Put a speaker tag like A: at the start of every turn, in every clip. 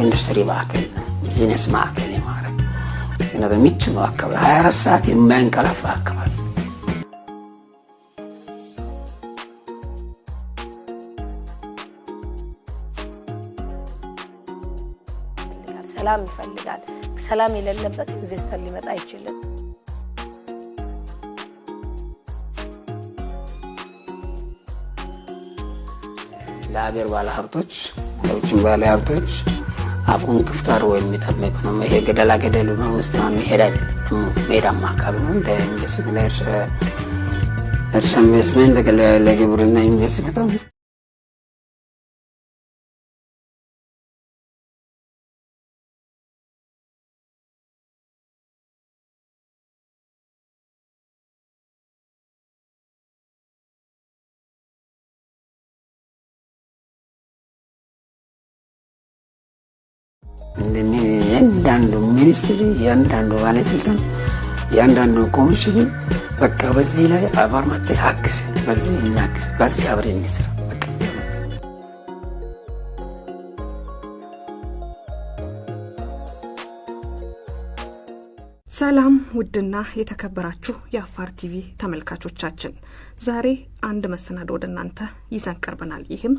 A: ኢንዱስትሪ ማዕከል ነው፣ ቢዝነስ ማዕከል የማድረግ እና ነው አካባቢ 24 ሰዓት የማያንቀላፋ አካባቢ ሰላም ይፈልጋል። ሰላም የሌለበት ኢንቨስተር ሊመጣ አይችልም።
B: ለሀገር ባለ ሀብቶች ለውጭም ባለ ሀብቶች አፉን ክፍት አድርጎ የሚጠብቅ ነው። ይሄ ገደላ ገደል ውስጥ ነው የሚሄድ አይደለም። ደግሞ ሜዳማ አካባቢ ነው። ለኢንቨስትመንት ለእርሻ ኢንቨስትመንት ለግብርና ኢንቨስትመንት ሚኒስትሪ እያንዳንዱ ባለስልጣን እያንዳንዱ ኮሚሽን በቃ በዚህ ላይ አባር መጥተህ አግዘን፣ በዚህ እናግዝ፣ በዚህ አብሬ እንስራ።
C: ሰላም ውድና የተከበራችሁ የአፋር ቲቪ ተመልካቾቻችን፣ ዛሬ አንድ መሰናዶ ወደ እናንተ ይዘን ቀርበናል። ይህም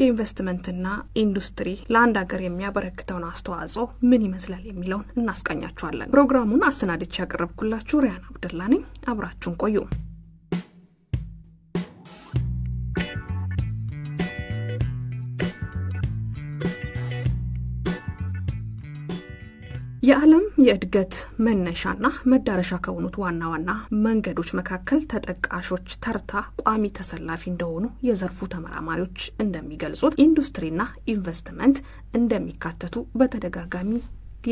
C: የኢንቨስትመንትና ኢንዱስትሪ ለአንድ ሀገር የሚያበረክተውን አስተዋጽኦ ምን ይመስላል የሚለውን እናስቃኛችኋለን። ፕሮግራሙን አሰናድቼ ያቀረብኩላችሁ ሪያን አብደላ ነኝ። አብራችሁን ቆዩ። የዓለም የእድገት መነሻና መዳረሻ ከሆኑት ዋና ዋና መንገዶች መካከል ተጠቃሾች ተርታ ቋሚ ተሰላፊ እንደሆኑ የዘርፉ ተመራማሪዎች እንደሚገልጹት ኢንዱስትሪና ኢንቨስትመንት እንደሚካተቱ በተደጋጋሚ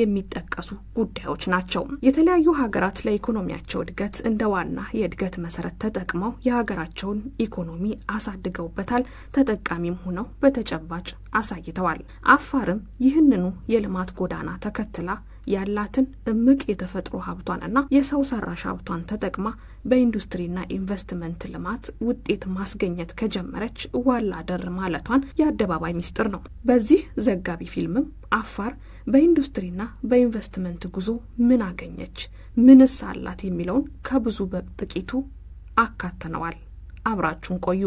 C: የሚጠቀሱ ጉዳዮች ናቸው። የተለያዩ ሀገራት ለኢኮኖሚያቸው እድገት እንደ ዋና የእድገት መሰረት ተጠቅመው የሀገራቸውን ኢኮኖሚ አሳድገውበታል፣ ተጠቃሚም ሆነው በተጨባጭ አሳይተዋል። አፋርም ይህንኑ የልማት ጎዳና ተከትላ ያላትን እምቅ የተፈጥሮ ሀብቷን እና የሰው ሰራሽ ሀብቷን ተጠቅማ በኢንዱስትሪና ኢንቨስትመንት ልማት ውጤት ማስገኘት ከጀመረች ዋላ ደር ማለቷን የአደባባይ ሚስጥር ነው። በዚህ ዘጋቢ ፊልምም አፋር በኢንዱስትሪና በኢንቨስትመንት ጉዞ ምን አገኘች፣ ምንስ አላት የሚለውን ከብዙ በጥቂቱ አካተነዋል። አብራችሁን ቆዩ።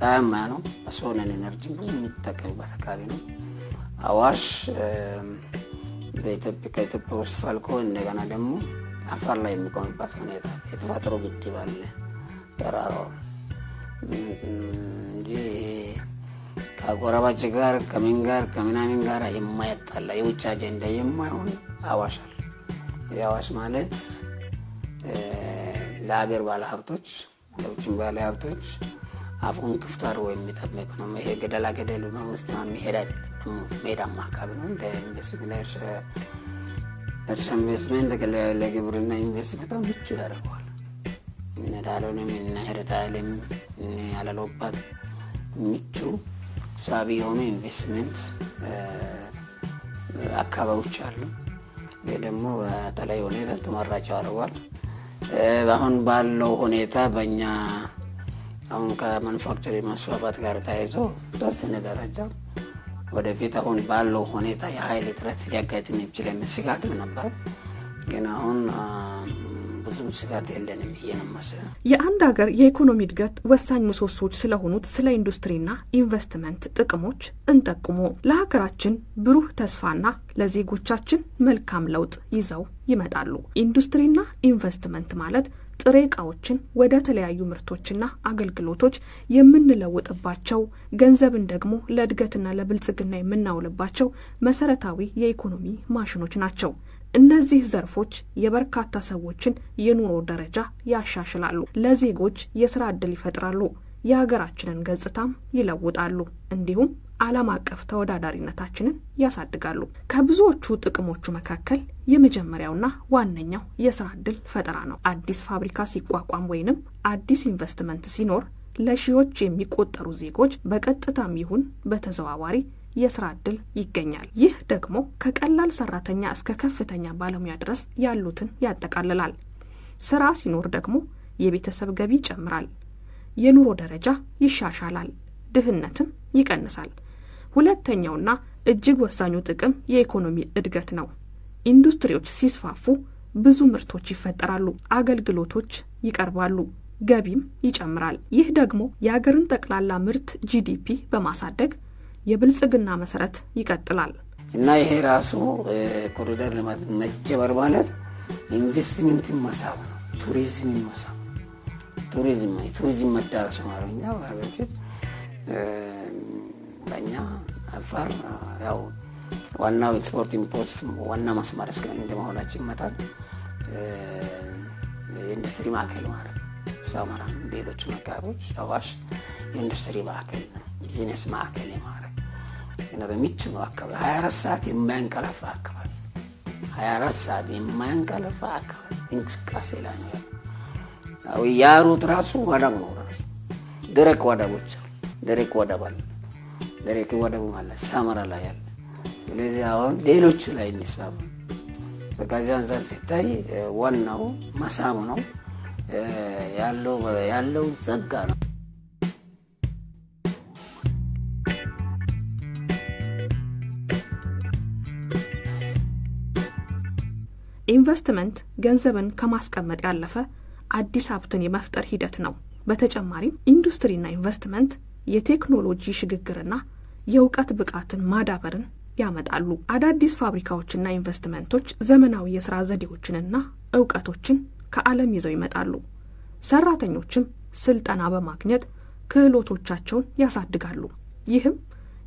B: ፀሐያማ ነው። በሶለር ኤነርጂ ብዙ የሚጠቀሙበት አካባቢ ነው። አዋሽ በኢትዮጵያ ከኢትዮጵያ ውስጥ ፈልቆ እንደገና ደግሞ አፋር ላይ የሚቆምበት ሁኔታ የተፈጥሮ ግድብ አለ ተራራው እንጂ ከጎረባች ጋር ከምን ጋር ከምናምን ጋር የማያጣላ የውጭ አጀንዳ የማይሆን አዋሽ አለ። የአዋሽ ማለት ለሀገር ባለሀብቶች ለውጭም ባለሀብቶች አፉን ክፍት አድርጎ የሚጠብቅ ነው። ይሄ ገደላ ገደል ውስጥ ነው የሚሄድ አይደለም። ሜዳማ አካባቢ ነው። ለእርሻ ኢንቨስትመንት፣ ለግብርና ኢንቨስትመንት በጣም ምቹ ያደርገዋል። ዳሎንም እና ሄርታሌም ያለለውባት ምቹ ሳቢ የሆኑ ኢንቨስትመንት አካባቢዎች አሉ። ይህ ደግሞ በተለይ ሁኔታ ተመራጭ ያደርገዋል። አሁን ባለው ሁኔታ በእኛ አሁን ከማኑፋክቸሪንግ መስፋፋት ጋር ተያይዞ ተወሰነ ደረጃ ወደፊት አሁን ባለው ሁኔታ የሀይል እጥረት ሊያጋጥም የሚችል የሚል ስጋትም ነበር። ግን አሁን ብዙም ስጋት የለንም ብዬ ነው የማስበው።
C: የአንድ ሀገር የኢኮኖሚ እድገት ወሳኝ ምሰሶዎች ስለሆኑት ስለ ኢንዱስትሪና ኢንቨስትመንት ጥቅሞች እንጠቁሙ። ለሀገራችን ብሩህ ተስፋና ለዜጎቻችን መልካም ለውጥ ይዘው ይመጣሉ። ኢንዱስትሪና ኢንቨስትመንት ማለት ጥሬ እቃዎችን ወደ ተለያዩ ምርቶችና አገልግሎቶች የምንለውጥባቸው ገንዘብን ደግሞ ለእድገትና ለብልጽግና የምናውልባቸው መሰረታዊ የኢኮኖሚ ማሽኖች ናቸው። እነዚህ ዘርፎች የበርካታ ሰዎችን የኑሮ ደረጃ ያሻሽላሉ፣ ለዜጎች የስራ ዕድል ይፈጥራሉ፣ የሀገራችንን ገጽታም ይለውጣሉ እንዲሁም ዓለም አቀፍ ተወዳዳሪነታችንን ያሳድጋሉ። ከብዙዎቹ ጥቅሞቹ መካከል የመጀመሪያውና ዋነኛው የስራ ዕድል ፈጠራ ነው። አዲስ ፋብሪካ ሲቋቋም ወይንም አዲስ ኢንቨስትመንት ሲኖር ለሺዎች የሚቆጠሩ ዜጎች በቀጥታም ይሁን በተዘዋዋሪ የስራ ዕድል ይገኛል። ይህ ደግሞ ከቀላል ሰራተኛ እስከ ከፍተኛ ባለሙያ ድረስ ያሉትን ያጠቃልላል። ስራ ሲኖር ደግሞ የቤተሰብ ገቢ ይጨምራል፣ የኑሮ ደረጃ ይሻሻላል፣ ድህነትም ይቀንሳል። ሁለተኛውና እጅግ ወሳኙ ጥቅም የኢኮኖሚ እድገት ነው። ኢንዱስትሪዎች ሲስፋፉ ብዙ ምርቶች ይፈጠራሉ፣ አገልግሎቶች ይቀርባሉ፣ ገቢም ይጨምራል። ይህ ደግሞ የአገርን ጠቅላላ ምርት ጂዲፒ በማሳደግ የብልጽግና መሰረት
B: ይቀጥላል እና ይሄ ራሱ ኮሪደር ልማት መጀመር ማለት ኢንቨስትመንትን መሳብ ነው፣ ቱሪዝምን መሳብ ቱሪዝም ቱሪዝም መዳረሻ ማረኛ በፊት እኛ አፋር ያው ዋናው ኤክስፖርት ኢምፖርት ዋና ማስማር እስከ እንደመሆናችን መጣል የኢንዱስትሪ ማዕከል ማለት ሳማራ ሌሎችም አካባቢዎች አዋሽ የኢንዱስትሪ ማዕከል ነው፣ ቢዝነስ ማዕከል የማድረግ ምቹ ነው አካባቢ ሀያ አራት ሰዓት የማያንቀላፋ አካባቢ ሀያ አራት ሰዓት የማያንቀላፋ አካባቢ እንቅስቃሴ ላይ ነው ያሉት። ያ ራሱ ወደብ ነው፣ ደረቅ ወደቦች ደረቅ ወደብ አለ ደሬቱ ወደቡ ማለት ሳመራ ላይ ያለ። ስለዚህ አሁን ሌሎቹ ላይ እንስባቡ። በከዚህ አንጻር ሲታይ ዋናው መሳሙ ነው ያለው ጸጋ ነው።
C: ኢንቨስትመንት ገንዘብን ከማስቀመጥ ያለፈ አዲስ ሀብትን የመፍጠር ሂደት ነው። በተጨማሪም ኢንዱስትሪና ኢንቨስትመንት የቴክኖሎጂ ሽግግርና የእውቀት ብቃትን ማዳበርን ያመጣሉ። አዳዲስ ፋብሪካዎችና ኢንቨስትመንቶች ዘመናዊ የስራ ዘዴዎችንና እውቀቶችን ከዓለም ይዘው ይመጣሉ። ሰራተኞችም ስልጠና በማግኘት ክህሎቶቻቸውን ያሳድጋሉ። ይህም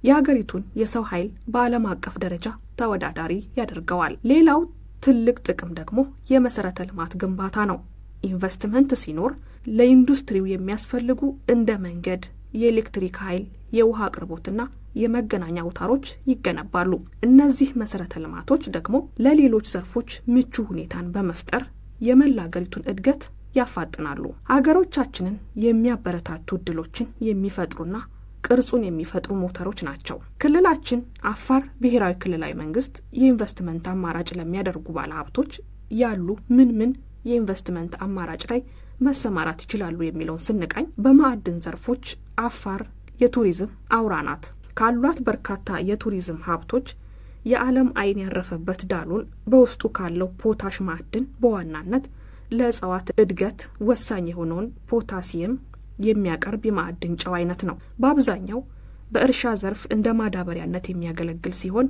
C: የአገሪቱን የሰው ኃይል በዓለም አቀፍ ደረጃ ተወዳዳሪ ያደርገዋል። ሌላው ትልቅ ጥቅም ደግሞ የመሰረተ ልማት ግንባታ ነው። ኢንቨስትመንት ሲኖር ለኢንዱስትሪው የሚያስፈልጉ እንደ መንገድ የኤሌክትሪክ ኃይል፣ የውሃ አቅርቦትና የመገናኛ አውታሮች ይገነባሉ። እነዚህ መሰረተ ልማቶች ደግሞ ለሌሎች ዘርፎች ምቹ ሁኔታን በመፍጠር የመላ አገሪቱን እድገት ያፋጥናሉ። አገሮቻችንን የሚያበረታቱ እድሎችን የሚፈጥሩና ቅርጹን የሚፈጥሩ ሞተሮች ናቸው። ክልላችን አፋር ብሔራዊ ክልላዊ መንግስት የኢንቨስትመንት አማራጭ ለሚያደርጉ ባለሀብቶች ያሉ ምን ምን የኢንቨስትመንት አማራጭ ላይ መሰማራት ይችላሉ የሚለውን ስንቃኝ በማዕድን ዘርፎች አፋር የቱሪዝም አውራ ናት። ካሏት በርካታ የቱሪዝም ሀብቶች የዓለም ዓይን ያረፈበት ዳሎል በውስጡ ካለው ፖታሽ ማዕድን በዋናነት ለእጽዋት እድገት ወሳኝ የሆነውን ፖታሲየም የሚያቀርብ የማዕድን ጨው አይነት ነው። በአብዛኛው በእርሻ ዘርፍ እንደ ማዳበሪያነት የሚያገለግል ሲሆን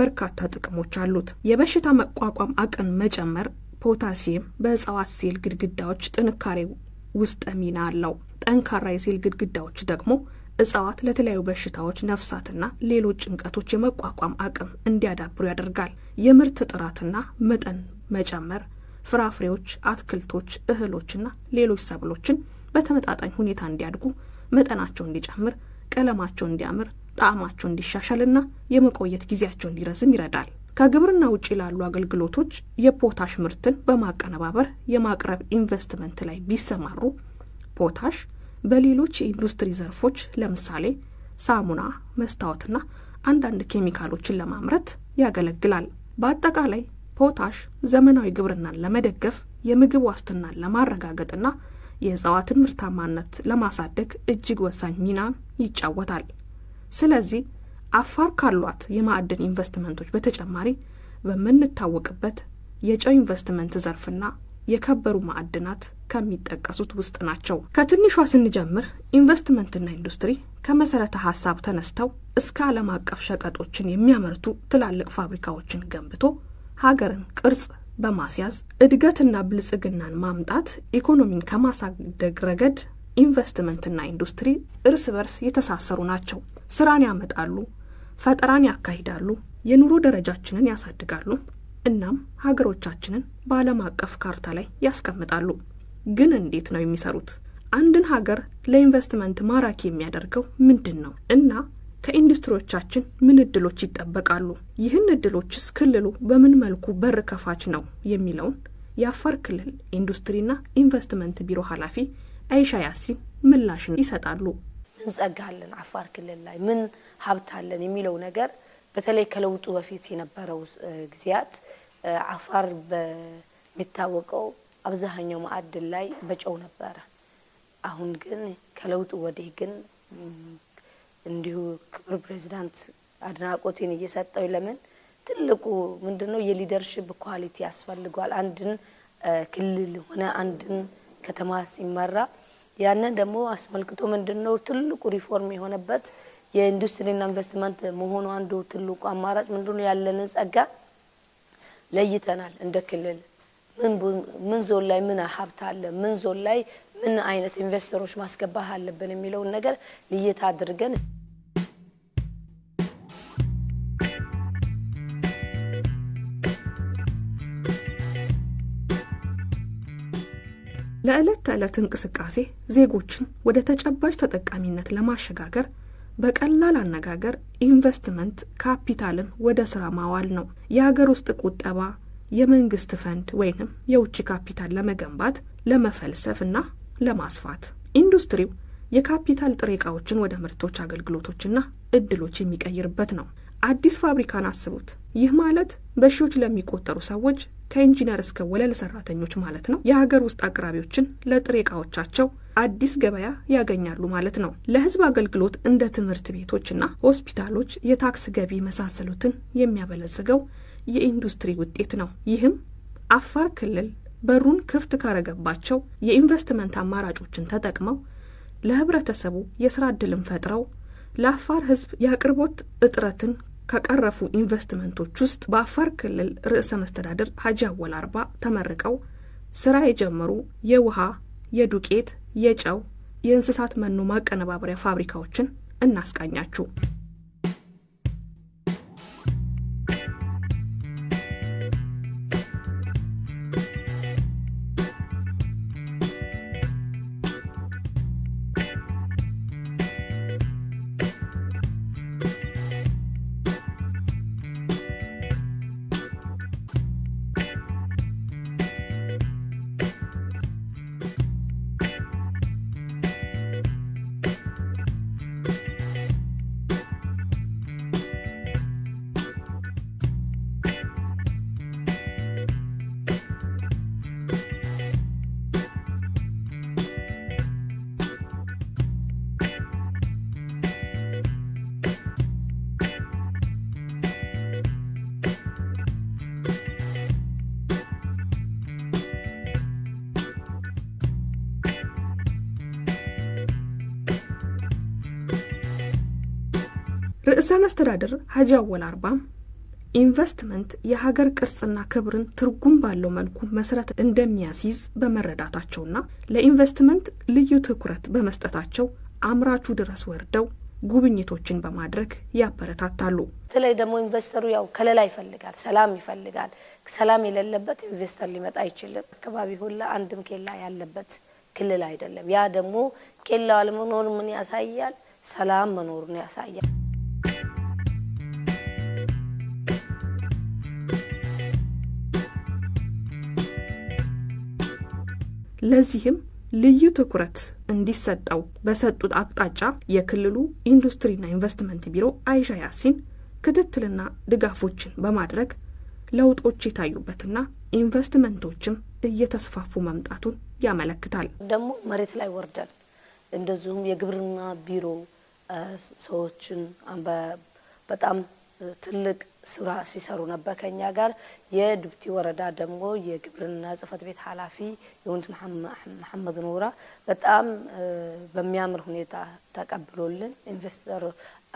C: በርካታ ጥቅሞች አሉት። የበሽታ መቋቋም አቅም መጨመር፣ ፖታሲየም በእጽዋት ሴል ግድግዳዎች ጥንካሬ ውስጥ ሚና አለው። ጠንካራ የሴል ግድግዳዎች ደግሞ እጽዋት ለተለያዩ በሽታዎች፣ ነፍሳትና ሌሎች ጭንቀቶች የመቋቋም አቅም እንዲያዳብሩ ያደርጋል። የምርት ጥራትና መጠን መጨመር ፍራፍሬዎች፣ አትክልቶች፣ እህሎችና ሌሎች ሰብሎችን በተመጣጣኝ ሁኔታ እንዲያድጉ፣ መጠናቸው እንዲጨምር፣ ቀለማቸው እንዲያምር፣ ጣዕማቸው እንዲሻሻልና የመቆየት ጊዜያቸው እንዲረዝም ይረዳል። ከግብርና ውጭ ላሉ አገልግሎቶች የፖታሽ ምርትን በማቀነባበር የማቅረብ ኢንቨስትመንት ላይ ቢሰማሩ ፖታሽ በሌሎች የኢንዱስትሪ ዘርፎች ለምሳሌ ሳሙና፣ መስታወትና አንዳንድ ኬሚካሎችን ለማምረት ያገለግላል። በአጠቃላይ ፖታሽ ዘመናዊ ግብርናን ለመደገፍ የምግብ ዋስትናን ለማረጋገጥና የእጽዋትን ምርታማነት ለማሳደግ እጅግ ወሳኝ ሚናን ይጫወታል። ስለዚህ አፋር ካሏት የማዕድን ኢንቨስትመንቶች በተጨማሪ በምንታወቅበት የጨው ኢንቨስትመንት ዘርፍና የከበሩ ማዕድናት ከሚጠቀሱት ውስጥ ናቸው። ከትንሿ ስንጀምር ኢንቨስትመንትና ኢንዱስትሪ ከመሰረተ ሀሳብ ተነስተው እስከ ዓለም አቀፍ ሸቀጦችን የሚያመርቱ ትላልቅ ፋብሪካዎችን ገንብቶ ሀገርን ቅርጽ በማስያዝ እድገትና ብልጽግናን ማምጣት ኢኮኖሚን ከማሳደግ ረገድ ኢንቨስትመንትና ኢንዱስትሪ እርስ በርስ የተሳሰሩ ናቸው። ስራን ያመጣሉ፣ ፈጠራን ያካሂዳሉ፣ የኑሮ ደረጃችንን ያሳድጋሉ፣ እናም ሀገሮቻችንን በዓለም አቀፍ ካርታ ላይ ያስቀምጣሉ። ግን እንዴት ነው የሚሰሩት? አንድን ሀገር ለኢንቨስትመንት ማራኪ የሚያደርገው ምንድን ነው እና ከኢንዱስትሪዎቻችን ምን እድሎች ይጠበቃሉ? ይህን እድሎችስ ክልሉ በምን መልኩ በር ከፋች ነው የሚለውን የአፋር ክልል ኢንዱስትሪና ኢንቨስትመንት ቢሮ ኃላፊ አይሻ ያሲን ምላሽን ይሰጣሉ።
D: እንጸጋለን አፋር ክልል ላይ ምን ሀብት አለን የሚለው ነገር በተለይ ከለውጡ በፊት የነበረው ጊዜያት አፋር በሚታወቀው አብዛኛው ማዕድን ላይ በጨው ነበረ። አሁን ግን ከለውጡ ወዲህ ግን እንዲሁ ክብር ፕሬዚዳንት አድናቆቴን እየሰጠው ለምን ትልቁ ምንድነው የሊደርሽፕ ኳሊቲ ያስፈልጓል። አንድን ክልል ሆነ አንድን ከተማ ሲመራ ያንን ደግሞ አስመልክቶ ምንድነው ትልቁ ሪፎርም የሆነበት የኢንዱስትሪና ኢንቨስትመንት መሆኑ አንዱ ትልቁ አማራጭ ምንድነው ያለንን ጸጋ ለይተናል እንደ ክልል ምን ዞን ላይ ምን ሀብት አለ፣ ምን ዞን ላይ ምን አይነት ኢንቨስተሮች ማስገባት አለብን የሚለውን ነገር ልየት አድርገን
C: ለዕለት ተዕለት እንቅስቃሴ ዜጎችን ወደ ተጨባጭ ተጠቃሚነት ለማሸጋገር በቀላል አነጋገር ኢንቨስትመንት ካፒታልን ወደ ስራ ማዋል ነው። የሀገር ውስጥ ቁጠባ፣ የመንግስት ፈንድ ወይንም የውጭ ካፒታል ለመገንባት ለመፈልሰፍ እና ለማስፋት ኢንዱስትሪው የካፒታል ጥሬ እቃዎችን ወደ ምርቶች፣ አገልግሎቶችና እድሎች የሚቀይርበት ነው። አዲስ ፋብሪካን አስቡት። ይህ ማለት በሺዎች ለሚቆጠሩ ሰዎች ከኢንጂነር እስከ ወለል ሰራተኞች ማለት ነው። የሀገር ውስጥ አቅራቢዎችን ለጥሬ እቃዎቻቸው አዲስ ገበያ ያገኛሉ ማለት ነው። ለህዝብ አገልግሎት እንደ ትምህርት ቤቶችና ሆስፒታሎች፣ የታክስ ገቢ መሳሰሉትን የሚያበለጽገው የኢንዱስትሪ ውጤት ነው። ይህም አፋር ክልል በሩን ክፍት ካረገባቸው የኢንቨስትመንት አማራጮችን ተጠቅመው ለህብረተሰቡ የስራ ዕድልን ፈጥረው ለአፋር ህዝብ የአቅርቦት እጥረትን ከቀረፉ ኢንቨስትመንቶች ውስጥ በአፋር ክልል ርዕሰ መስተዳድር ሀጂ አወል አርባ ተመርቀው ስራ የጀመሩ የውሃ፣ የዱቄት፣ የጨው፣ የእንስሳት መኖ ማቀነባበሪያ ፋብሪካዎችን እናስቃኛችሁ። ርዕሰ መስተዳድር ሀጂ አወል አርባም ኢንቨስትመንት የሀገር ቅርጽና ክብርን ትርጉም ባለው መልኩ መሰረት እንደሚያስይዝ በመረዳታቸውና ለኢንቨስትመንት ልዩ ትኩረት በመስጠታቸው አምራቹ ድረስ ወርደው ጉብኝቶችን በማድረግ ያበረታታሉ።
A: በተለይ ደግሞ ኢንቨስተሩ ያው ከለላ ይፈልጋል፣ ሰላም ይፈልጋል። ሰላም የሌለበት ኢንቨስተር ሊመጣ አይችልም። አካባቢ ሁላ አንድም ኬላ ያለበት ክልል አይደለም። ያ ደግሞ ኬላ አለመኖር ምን ያሳያል? ሰላም መኖሩን ያሳያል።
C: ለዚህም ልዩ ትኩረት እንዲሰጠው በሰጡት አቅጣጫ የክልሉ ኢንዱስትሪና ኢንቨስትመንት ቢሮ አይሻ ያሲን ክትትልና ድጋፎችን በማድረግ ለውጦች የታዩበትና ኢንቨስትመንቶችም እየተስፋፉ መምጣቱን ያመለክታል።
D: ደግሞ መሬት ላይ ወርዳል። እንደዚሁም የግብርና ቢሮ ሰዎችን በጣም ትልቅ ስራ ሲሰሩ ነበር ከኛ ጋር። የድብቲ ወረዳ ደግሞ የግብርና ጽህፈት ቤት ኃላፊ የሆኑት መሐመድ ኑራ በጣም በሚያምር ሁኔታ ተቀብሎልን ኢንቨስተር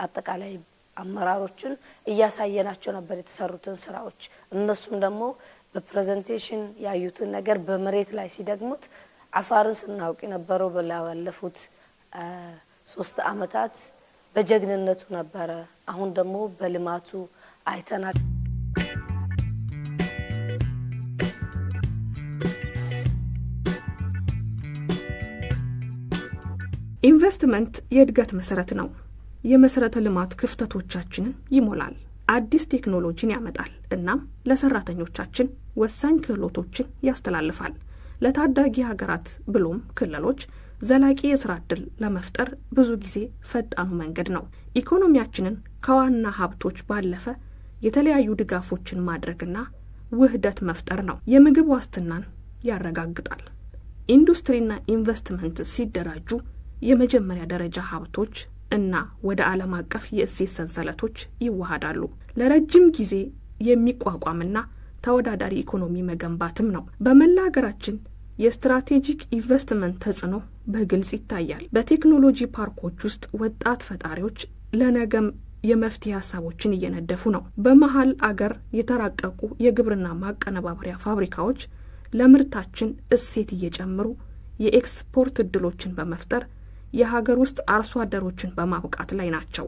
D: አጠቃላይ አመራሮችን እያሳየናቸው ነበር የተሰሩትን ስራዎች። እነሱም ደግሞ በፕሬዘንቴሽን ያዩትን ነገር በመሬት ላይ ሲደግሙት አፋርን ስናውቅ የነበረው በላለፉት ሶስት አመታት በጀግንነቱ ነበረ። አሁን ደግሞ በልማቱ አይተናል።
C: ኢንቨስትመንት የእድገት መሰረት ነው። የመሰረተ ልማት ክፍተቶቻችንን ይሞላል፣ አዲስ ቴክኖሎጂን ያመጣል፣ እናም ለሰራተኞቻችን ወሳኝ ክህሎቶችን ያስተላልፋል። ለታዳጊ ሀገራት ብሎም ክልሎች ዘላቂ የስራ ዕድል ለመፍጠር ብዙ ጊዜ ፈጣኑ መንገድ ነው። ኢኮኖሚያችንን ከዋና ሀብቶች ባለፈ የተለያዩ ድጋፎችን ማድረግና ውህደት መፍጠር ነው። የምግብ ዋስትናን ያረጋግጣል። ኢንዱስትሪና ኢንቨስትመንት ሲደራጁ የመጀመሪያ ደረጃ ሀብቶች እና ወደ ዓለም አቀፍ የእሴት ሰንሰለቶች ይዋሃዳሉ። ለረጅም ጊዜ የሚቋቋምና ተወዳዳሪ ኢኮኖሚ መገንባትም ነው። በመላ ሀገራችን የስትራቴጂክ ኢንቨስትመንት ተጽዕኖ በግልጽ ይታያል። በቴክኖሎጂ ፓርኮች ውስጥ ወጣት ፈጣሪዎች ለነገም የመፍትሄ ሀሳቦችን እየነደፉ ነው። በመሀል አገር የተራቀቁ የግብርና ማቀነባበሪያ ፋብሪካዎች ለምርታችን እሴት እየጨምሩ የኤክስፖርት እድሎችን በመፍጠር የሀገር ውስጥ አርሶ አደሮችን በማብቃት ላይ ናቸው።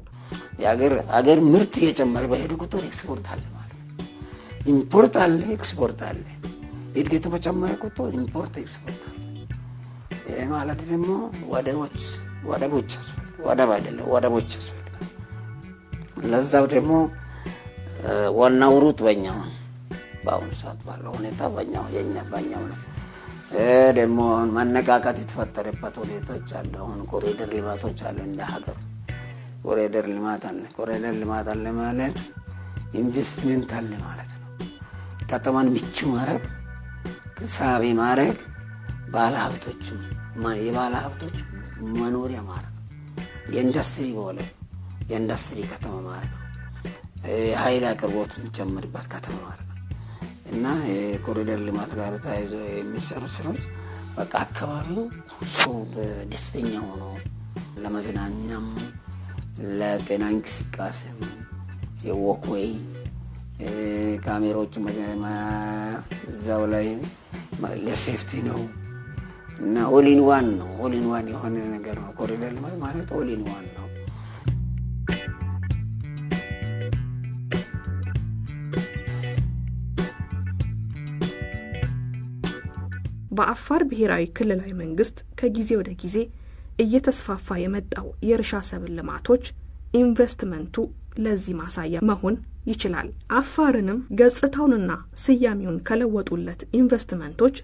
B: አገር ምርት እየጨመረ በሄዱ ቁጥር ኤክስፖርት አለ ማለት ኢምፖርት አለ፣ ኤክስፖርት አለ። እድገቱ በጨመረ ቁጥር ኢምፖርት፣ ኤክስፖርት አለ። ይህ ማለት ደግሞ ወደቦች ወደቦች ወደብ አይደለም ወደቦች ያስፈልጋል ለዛው ደግሞ ዋናው ሩት በኛው በአሁኑ ሰዓት ባለው ሁኔታ በኛው የኛ በኛው ነው። ደግሞ መነቃቃት የተፈጠረበት ሁኔታዎች አሉ። አሁን ኮሪደር ልማቶች አሉ። እንደ ሀገር ኮሪደር ልማት አለ። ኮሪደር ልማት አለ ማለት ኢንቨስትመንት አለ ማለት ነው። ከተማን ምቹ ማድረግ፣ ሳቢ ማድረግ፣ ባለ ሀብቶችም የባለ ሀብቶች መኖሪያ ማድረግ የኢንዱስትሪ በሆነ የኢንዱስትሪ ከተማ ማድረግ ነው። የኃይል አቅርቦት የሚጨምርበት ከተማ ማድረግ ነው እና የኮሪደር ልማት ጋር ተያይዞ የሚሰሩ ስራዎች በቃ አካባቢው ሰው ደስተኛ ሆኖ ለመዝናኛም፣ ለጤና እንቅስቃሴም፣ የወክወይ ካሜራዎች እዛው ላይ ለሴፍቲ ነው እና ኦሊንዋን ነው ኦሊንዋን የሆነ ነገር ነው። ኮሪደር ልማት ማለት ኦሊንዋን ነው።
C: በአፋር ብሔራዊ ክልላዊ መንግስት ከጊዜ ወደ ጊዜ እየተስፋፋ የመጣው የእርሻ ሰብል ልማቶች ኢንቨስትመንቱ ለዚህ ማሳያ መሆን ይችላል። አፋርንም ገጽታውንና ስያሜውን ከለወጡለት ኢንቨስትመንቶች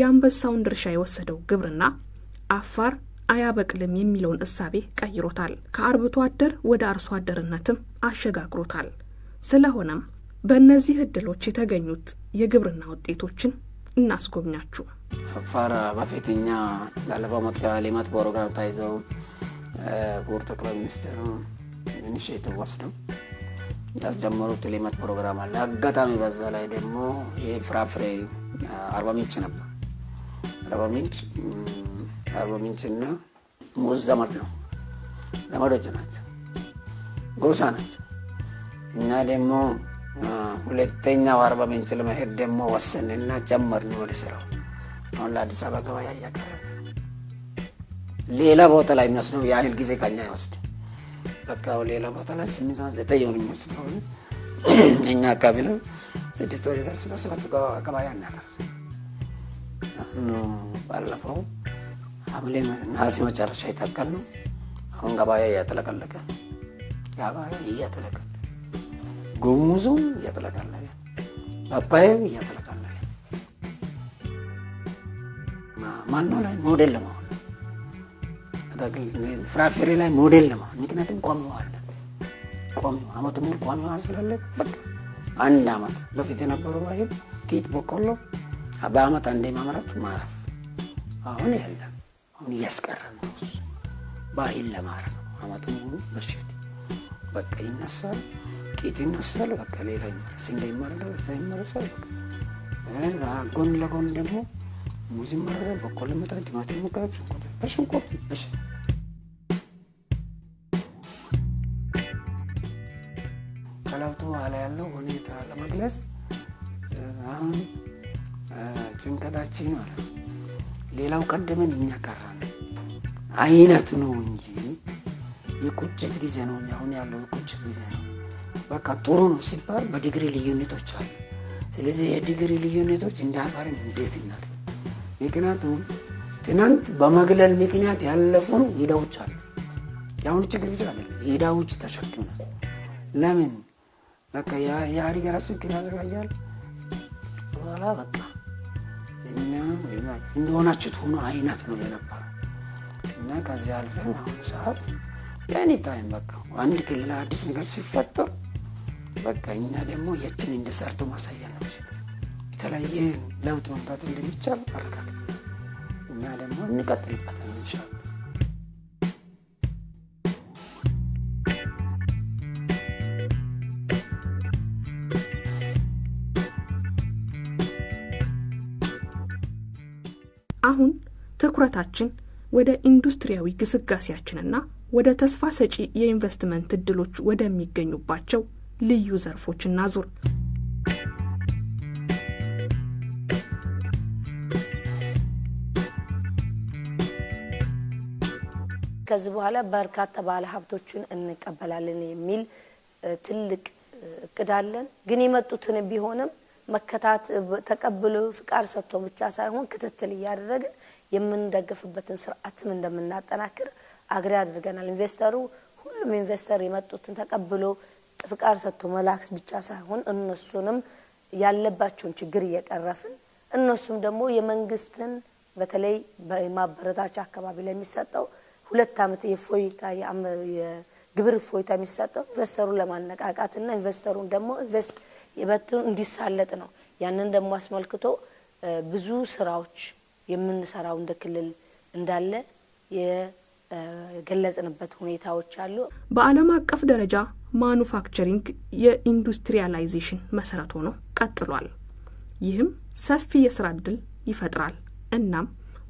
C: የአንበሳውን ድርሻ የወሰደው ግብርና አፋር አያበቅልም የሚለውን እሳቤ ቀይሮታል። ከአርብቶ አደር ወደ አርሶ አደርነትም አሸጋግሮታል። ስለሆነም በእነዚህ እድሎች የተገኙት የግብርና ውጤቶችን እናስጎብኛችሁ።
B: አፋር በፊት እኛ ላለፈው መጥቶ ልማት ፕሮግራም ታይዘው ክቡር ጠቅላይ ሚኒስትር ኢኒሽቲቭ ወስደው ያስጀመሩት ልማት ፕሮግራም አለ። አጋጣሚ በዛ ላይ ደግሞ ይሄ ፍራፍሬ አርባ ምንጭ ነበር። አርባ ምንጭ አርባ ምንጭና ሙዝ ዘመድ ነው፣ ዘመዶች ናቸው፣ ጎሳ ናቸው። እና ደግሞ ሁለተኛው አርባ ምንጭ ለመሄድ ደግሞ ወሰንና ጀመርን ወደ ስራው አሁን ለአዲስ አበባ ገበያ እያቀረበ ሌላ ቦታ ላይ የሚወስደው የአይል ጊዜ ከኛ ይወስድ በቃ ሌላ ቦታ ላይ ስምንት ዘጠኝ የሆኑ የሚወስደው እኛ አካባቢ ላይ ስድስት ወር ደርስ ለሰባት ገበያ እናደርስ ባለፈው ሐምሌ ነሐሴ መጨረሻ ይታካል ነው። አሁን ገበያ እያጥለቀለቀ ገበያ እያጥለቀለቀ ጉሙዙም እያጥለቀለቀ ፓፓዬም እያጥለቀ ማነው ላይ ሞዴል ለመሆን ፍራፍሬ ላይ ሞዴል ለመሆን ምክንያቱም ቆሚዋለ ቆሚ አመት ሙሉ ቆሚዋ ስላለ አንድ አመት በፊት የነበረው ባህል ጥቂት በቆሎ በአመት አንዴ ማምረት ማረፍ አሁን የለም። አሁን እያስቀረ ነው እሱ ባህል ለማረፍ ነው። አመቱን ሙሉ በሽፍት በቃ ይነሳል፣ ጥቂት ይነሳል፣ በቃ ሌላ ይመረስ፣ እንደ ይመረዳ ይመረሳል። ጎን ለጎን ደግሞ ሙዝ ይመረታል፣ በቆሎ ይመጣል፣ ቲማቲም ይመጣል፣ ሽንኩርት በሽንኩርት እሺ ከለውጡ በኋላ ያለው ሁኔታ ለመግለጽ አሁን ጭንቀታችን ማለት ነው። ሌላው ቀደመን እኛ ቀረን አይነቱ ነው እንጂ የቁጭት ጊዜ ነው። አሁን ያለው የቁጭት ጊዜ ነው። በቃ ጥሩ ነው ሲባል በዲግሪ ልዩነቶች አሉ። ስለዚህ የዲግሪ ልዩነቶች እንደ አፋር እንዴት እናት ምክንያቱም ትናንት በመግለል ምክንያት ያለፉን ሂዳዎች አሉ። የአሁኑ ችግር ብቻ አለ ዕዳዎች ተሸክመናል። ለምን በቃ የአዲግ ራሱ እቅድ ያዘጋጃል። በኋላ በቃ እንደሆናችሁት ሆኖ አይነት ነው የነበረ እና ከዚህ አልፈን አሁኑ ሰዓት የኔ ታይም በቃ አንድ ክልል አዲስ ነገር ሲፈጠር በቃ እኛ ደግሞ የችን እንደሰርቶ ማሳየት ነው የተለያየ ለውጥ መምጣት እንደሚቻል አረጋግጥ። እኛ ደግሞ እንቀጥልበት እንሻል።
C: አሁን ትኩረታችን ወደ ኢንዱስትሪያዊ ግስጋሴያችንና ወደ ተስፋ ሰጪ የኢንቨስትመንት እድሎች ወደሚገኙባቸው ልዩ ዘርፎች እናዙር።
D: ከዚህ በኋላ በርካታ ባለ ሀብቶችን እንቀበላለን የሚል ትልቅ እቅድ አለን። ግን የመጡትን ቢሆንም መከታት ተቀብሎ ፍቃድ ሰጥቶ ብቻ ሳይሆን ክትትል እያደረግን የምንደግፍበትን ስርዓትም እንደምናጠናክር አግሬ አድርገናል። ኢንቨስተሩ ሁሉም ኢንቨስተር የመጡትን ተቀብሎ ፍቃድ ሰጥቶ መላክስ ብቻ ሳይሆን እነሱንም ያለባቸውን ችግር እየቀረፍን እነሱም ደግሞ የመንግስትን በተለይ በማበረታቻ አካባቢ ለሚሰጠው ሁለት ዓመት የፎይታ የግብር እፎይታ የሚሰጠው ኢንቨስተሩን ለማነቃቃትና ኢንቨስተሩን ደግሞ ኢንቨስት ይበትን እንዲሳለጥ ነው። ያንን ደግሞ አስመልክቶ ብዙ ስራዎች የምንሰራው እንደ ክልል እንዳለ የገለጽንበት ሁኔታዎች አሉ።
C: በዓለም አቀፍ ደረጃ ማኑፋክቸሪንግ የኢንዱስትሪያላይዜሽን መሰረት ሆኖ ቀጥሏል። ይህም ሰፊ የስራ እድል ይፈጥራል እናም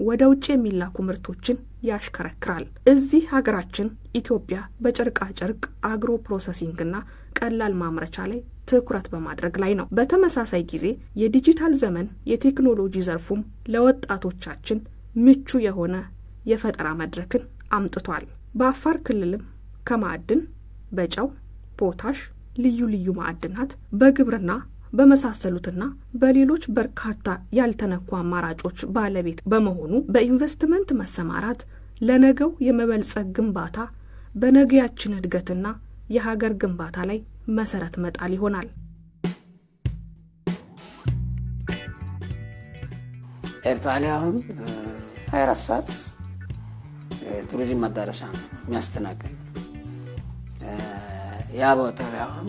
C: ወደ ውጭ የሚላኩ ምርቶችን ያሽከረክራል። እዚህ ሀገራችን ኢትዮጵያ በጨርቃ ጨርቅ አግሮ ፕሮሰሲንግና ቀላል ማምረቻ ላይ ትኩረት በማድረግ ላይ ነው። በተመሳሳይ ጊዜ የዲጂታል ዘመን የቴክኖሎጂ ዘርፉም ለወጣቶቻችን ምቹ የሆነ የፈጠራ መድረክን አምጥቷል። በአፋር ክልልም ከማዕድን በጨው፣ ፖታሽ፣ ልዩ ልዩ ማዕድናት በግብርና በመሳሰሉትና በሌሎች በርካታ ያልተነኩ አማራጮች ባለቤት በመሆኑ በኢንቨስትመንት መሰማራት ለነገው የመበልጸግ ግንባታ በነገያችን እድገትና የሀገር ግንባታ ላይ መሰረት መጣል ይሆናል።
B: ኤርትራ ላይ አሁን 24 ሰዓት ቱሪዝም መዳረሻ ነው የሚያስተናግድ ያ ቦታ ላይ አሁን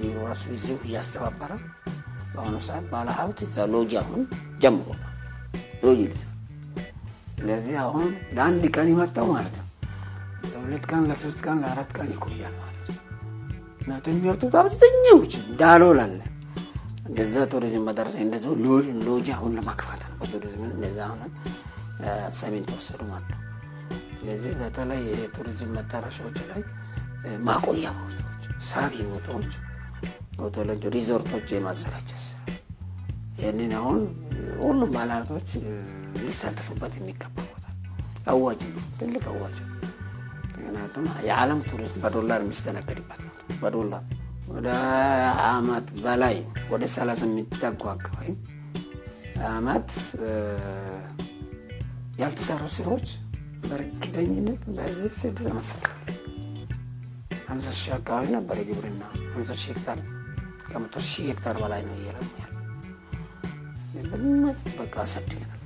B: ቢሮ ራሱ እዚሁ እያስተባበረ በአሁኑ ሰዓት ባለሀብት እዛ ሎጅ አሁን ጀምሮ ሎጅ ይልታል። ስለዚህ አሁን ለአንድ ቀን ይመጣው ማለት ነው። ለሁለት ቀን፣ ለሶስት ቀን፣ ለአራት ቀን ይቆያል ማለት ነው። ምክንያቱ የሚወጡት አብዛኛዎች እንዳሎላለ እንደዛ ቱሪዝም መደረሰ እንደዚ ሎጅ አሁን ለማክፋት ነው። በቱሪዝም እንደዛ ሆነ ሰሜን ተወሰዱ ማለት ነው። ስለዚህ በተለይ የቱሪዝም መዳረሻዎች ላይ ማቆያ ቦታዎች፣ ሳቢ ቦታዎች ሆቴሎች፣ ሪዞርቶች የማዘጋጀት ስራ ይህንን አሁን ሁሉም ባለሀብቶች ሊሳተፉበት የሚገባ ቦታ አዋጭ ነው፣ ትልቅ አዋጭ ነው። ምክንያቱም የዓለም ቱሪስት በዶላር የሚስተናገድበት ነው። በዶላር ወደ አመት በላይ ወደ ሰላሳ የሚጠጉ አካባቢ አመት ያልተሰሩ ስራዎች በእርግጠኝነት በዚህ ስድ ተመሰረ ሀምሳ ሺህ አካባቢ ነበር የግብርና ሀምሳ ሺህ ሄክታር ከመቶ ሺህ ሄክታር በላይ ነው እየለሙ ያለ በቃ ሰድ ሰድገናል።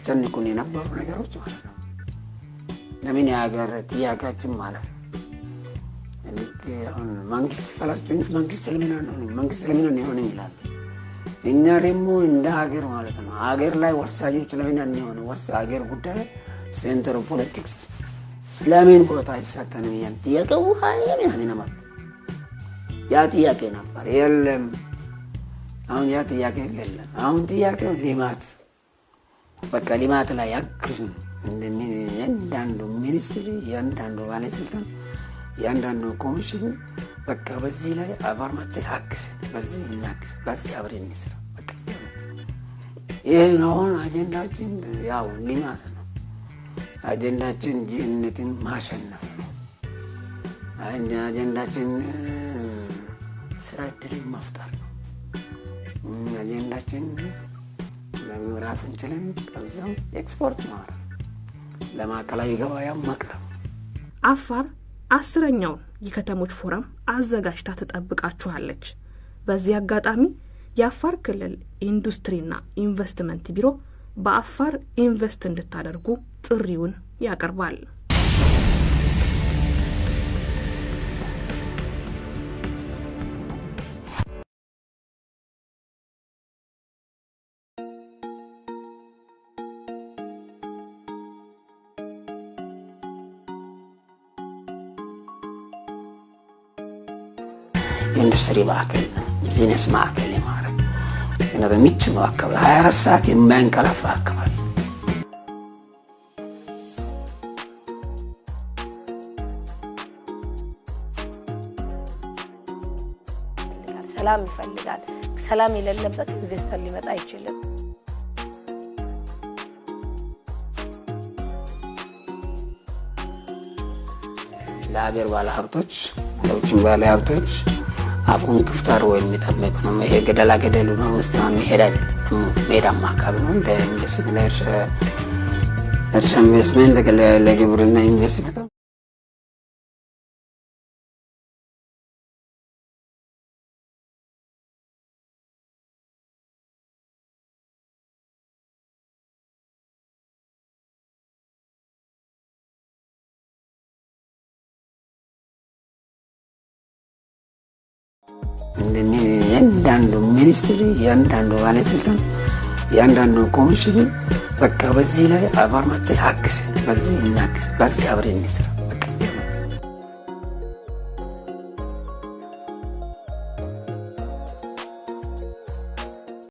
B: ያስጨንቁን የነበሩ ነገሮች ማለት ነው። ለምን የሀገር ጥያቄያችን ማለት ነው። መንግስት ፈላስጦኞች መንግስት ለምን አንሆንም፣ መንግስት ለምን አንሆንም ይላል። እኛ ደግሞ እንደ ሀገር ማለት ነው ሀገር ላይ ወሳኞች ለምን ወሳ ሀገር ጉዳይ ሴንተር ፖለቲክስ ለምን ቦታ አይሰጠንም? ያን ጥያቄው ሀይል ያንነማት ያ ጥያቄ ነበር። የለም አሁን ያ ጥያቄ የለም። አሁን ጥያቄው ልማት በቃ ልማት ላይ ያግዙ። እያንዳንዱ ሚኒስትሪ፣ እያንዳንዱ ባለስልጣን፣ እያንዳንዱ ኮሚሽን በቃ በዚህ ላይ አባር መተ አግስን በዚህ እናግስ፣ በዚህ አብረን እንስራ። ይህን አሁን አጀንዳችን ያው ልማት ነው። አጀንዳችን ድህነትን ማሸነፍ ነው። አጀንዳችን ስራ እድልን መፍጠር ነው። አጀንዳችን ለምን ራሳችንን ኤክስፖርት ማድረግ ለማዕከላዊ ገበያ
C: መቅረብ አፋር አስረኛውን የከተሞች ፎረም አዘጋጅታ ትጠብቃችኋለች። በዚህ አጋጣሚ የአፋር ክልል ኢንዱስትሪና ኢንቨስትመንት ቢሮ በአፋር ኢንቨስት እንድታደርጉ ጥሪውን ያቀርባል።
B: ኢንዱስትሪ ማዕከል ቢዝነስ ማዕከል የማድረግ እና በሚችለው አካባቢ 24 ሰዓት የማያንቀላፋ አካባቢ
A: ሰላም ይፈልጋል። ሰላም የሌለበት ኢንቨስተር ሊመጣ አይችልም።
B: ለሀገር ባለሀብቶች ለውጭ ባለሀብቶች አፉን ክፍታሩ አድርጎ የሚጠብቅ ነው። ይሄ ገደላ ገደሉ ነው ውስጥ ነው የሚሄድ አይደለም። ሜዳማ አካባቢ ነው ለኢንቨስትመንት ለእርሻ ኢንቨስትመንት ለግብርና ኢንቨስትመንት ሚኒስትሪ፣ እያንዳንዱ ባለስልጣን፣ እያንዳንዱ ኮሚሽን በቃ በዚህ ላይ አባር መጥተህ አግስን፣ በዚህ እናግስ፣ በዚህ አብሬ እንስራ።